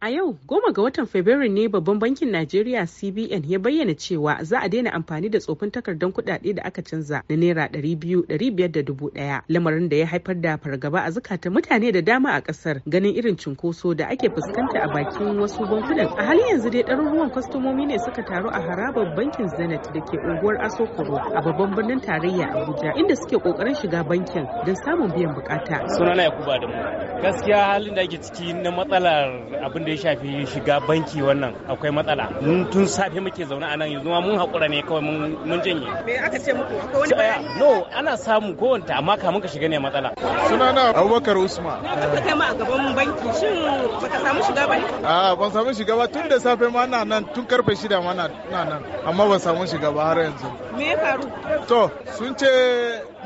A yau goma ga watan Fabrairu ne babban bankin Najeriya CBN ya bayyana cewa za a daina amfani da tsofin takardun kudade da aka canza na naira ɗari biyu ɗari biyar da dubu ɗaya lamarin da ya haifar da fargaba a zukatan mutane da dama a ƙasar ganin irin cunkoso da ake fuskanta a bakin wasu bankunan. A halin yanzu dai ɗaruruwan kwastomomi ne suka taru a harabar bankin Zenith da ke unguwar Asokoro a babban birnin tarayya Abuja inda suke ƙoƙarin shiga bankin don samun biyan bukata. Sunana Yakubu Adamu. Gaskiya halin da ake ciki na matsalar abin da ya shafi shiga banki wannan akwai matsala mun tun safe muke zaune a nan yanzu ma mun hakura ne kawai mun janye me aka ce muku akwai wani bayani no ana samu wanta amma kamun ka shiga ne matsala sunana abubakar usman ka kai ma a gaban banki shin baka samu shiga ba ne a ban samu shiga ba tun da safe ma na nan tun karfe shida ma na nan amma ban samu shiga ba har yanzu me ya faru to sun ce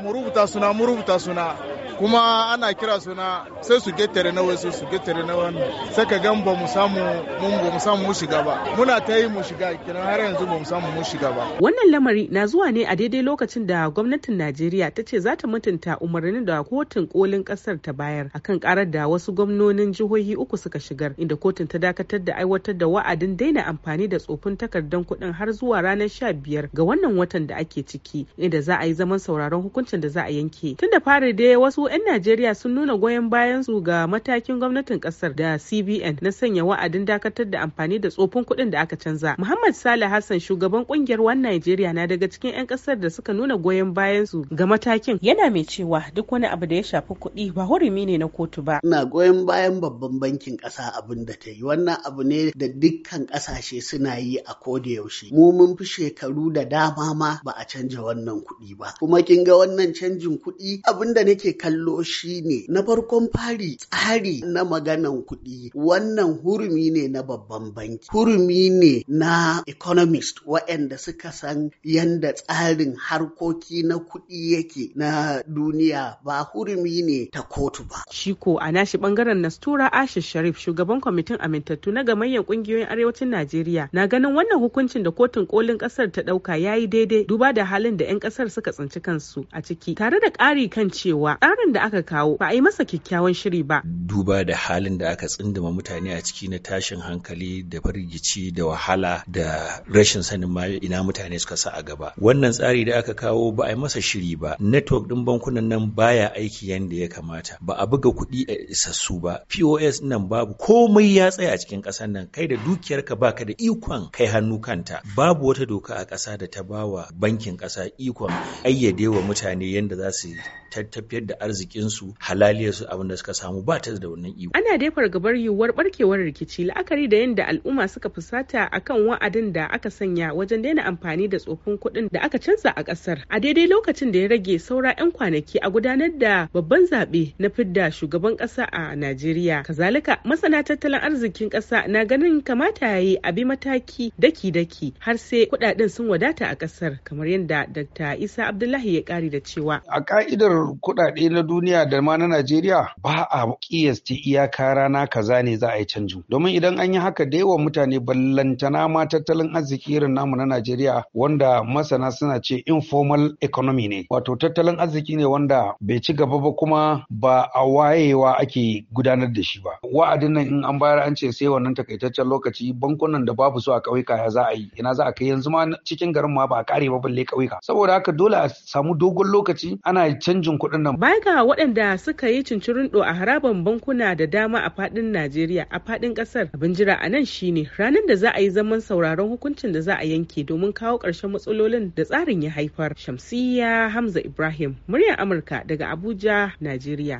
mu rubuta suna mu rubuta suna kuma ana kira suna sai su getare na wasu su getare na wannan sai ka gan ba mu samu mun ba mu samu mu shiga ba muna ta yi mu shiga kenan har yanzu ba mu samu mu shiga ba wannan lamari na zuwa ne a daidai lokacin da gwamnatin Najeriya ta ce za ta mutunta umarnin da kotun kolin kasar ta bayar akan karar da wasu gwamnonin jihohi uku suka shigar inda kotun ta dakatar da aiwatar da wa'adin daina amfani da tsofin takardar kuɗin har zuwa ranar sha ga wannan watan da ake ciki inda za a yi zaman sauraron hukuncin da za a yanke tun da fari dai wasu 'yan Najeriya sun nuna goyon bayansu ga matakin gwamnatin kasar da CBN na sanya wa'adin dakatar da amfani da tsofin kuɗin da aka canza. Muhammad Salih Hassan shugaban kungiyar wani Najeriya na daga cikin 'yan kasar da suka nuna goyon bayansu ga matakin. Yana mai cewa duk wani abu da ya shafi kuɗi ba hurumi ne na kotu ba. Ina goyon bayan babban bankin ƙasa abin da ta yi. Wannan abu ne da dukkan ƙasashe suna yi a koda yaushe. Mu mun fi shekaru da dama ma ba a canja wannan kuɗi ba. Kuma kin ga wannan canjin kuɗi abin da nake kallo kallo ne na farkon fari tsari na maganan kuɗi wannan hurumi ne na babban banki hurumi ne na economist waɗanda suka san yanda tsarin harkoki na kuɗi yake na duniya ba hurumi ne ta kotu ba shi a nashi bangaren nastura ashish sharif shugaban kwamitin amintattu na gamayyar ƙungiyoyin arewacin najeriya na ganin wannan hukuncin da kotun kolin ƙasar ta ɗauka ya yi daidai duba da halin da 'yan ƙasar suka tsinci kansu a ciki tare da ƙari kan cewa tsarin tsarin da aka kawo ba a yi masa kyakkyawan shiri ba. Duba da halin da aka tsinduma mutane a ciki na tashin hankali da firgici da wahala da rashin sanin ma ina mutane suka sa a gaba. Wannan tsari da aka kawo ba a yi masa shiri ba. Network ɗin bankunan nan baya aiki yadda ya kamata. Ba a buga kuɗi a isassu ba. POS nan babu komai ya tsaya a cikin ƙasar nan kai da dukiyarka baka da ikon kai hannu kanta. Babu wata doka a ƙasa da ta bawa bankin ƙasa ikon ayyade wa mutane yadda za su tattafiyar da arzikinsu halaliyarsu abin da suka samu ba ta da wannan iko. Ana dai fargabar yiwuwar barkewar rikici la'akari da yadda al'umma suka fusata akan wa'adin da aka sanya wajen daina amfani da tsofin kuɗin da aka canza a ƙasar. A daidai lokacin da ya rage saura 'yan kwanaki a gudanar da babban zaɓe na fidda shugaban ƙasa a Najeriya. Kazalika masana tattalin arzikin ƙasa na ganin kamata ya yi abi mataki daki-daki har sai kuɗaɗen sun wadata a ƙasar kamar yadda Dr. Isa Abdullahi ya ƙari da cewa. A ka'idar kuɗaɗe na na duniya da ma na Najeriya ba a kiyasta iyaka rana kaza ne za a yi canji Domin idan an yi haka da yawan mutane ballantana ma tattalin arziki irin namu na Najeriya wanda masana suna ce informal economy ne. Wato tattalin arziki ne wanda bai ci gaba ba kuma ba a wayewa ake gudanar da shi ba. Wa'adin nan in an bayar an ce sai wannan takaitaccen lokaci bankunan da babu su a ƙauyuka ya za a yi ina za a kai yanzu ma cikin garin ma ba a kare ba balle ƙauyuka. Saboda haka dole a samu dogon lokaci ana canjin kuɗin nan. Bayan haka waɗanda suka yi cincirindo a haraban bankuna da dama a faɗin Najeriya a faɗin ƙasar abin jira a nan shine ranar da za a yi zaman sauraron hukuncin da za a yanke domin kawo ƙarshen matsalolin da tsarin ya haifar. Shamsiyya Hamza Ibrahim, muryar Amurka daga Abuja, Najeriya.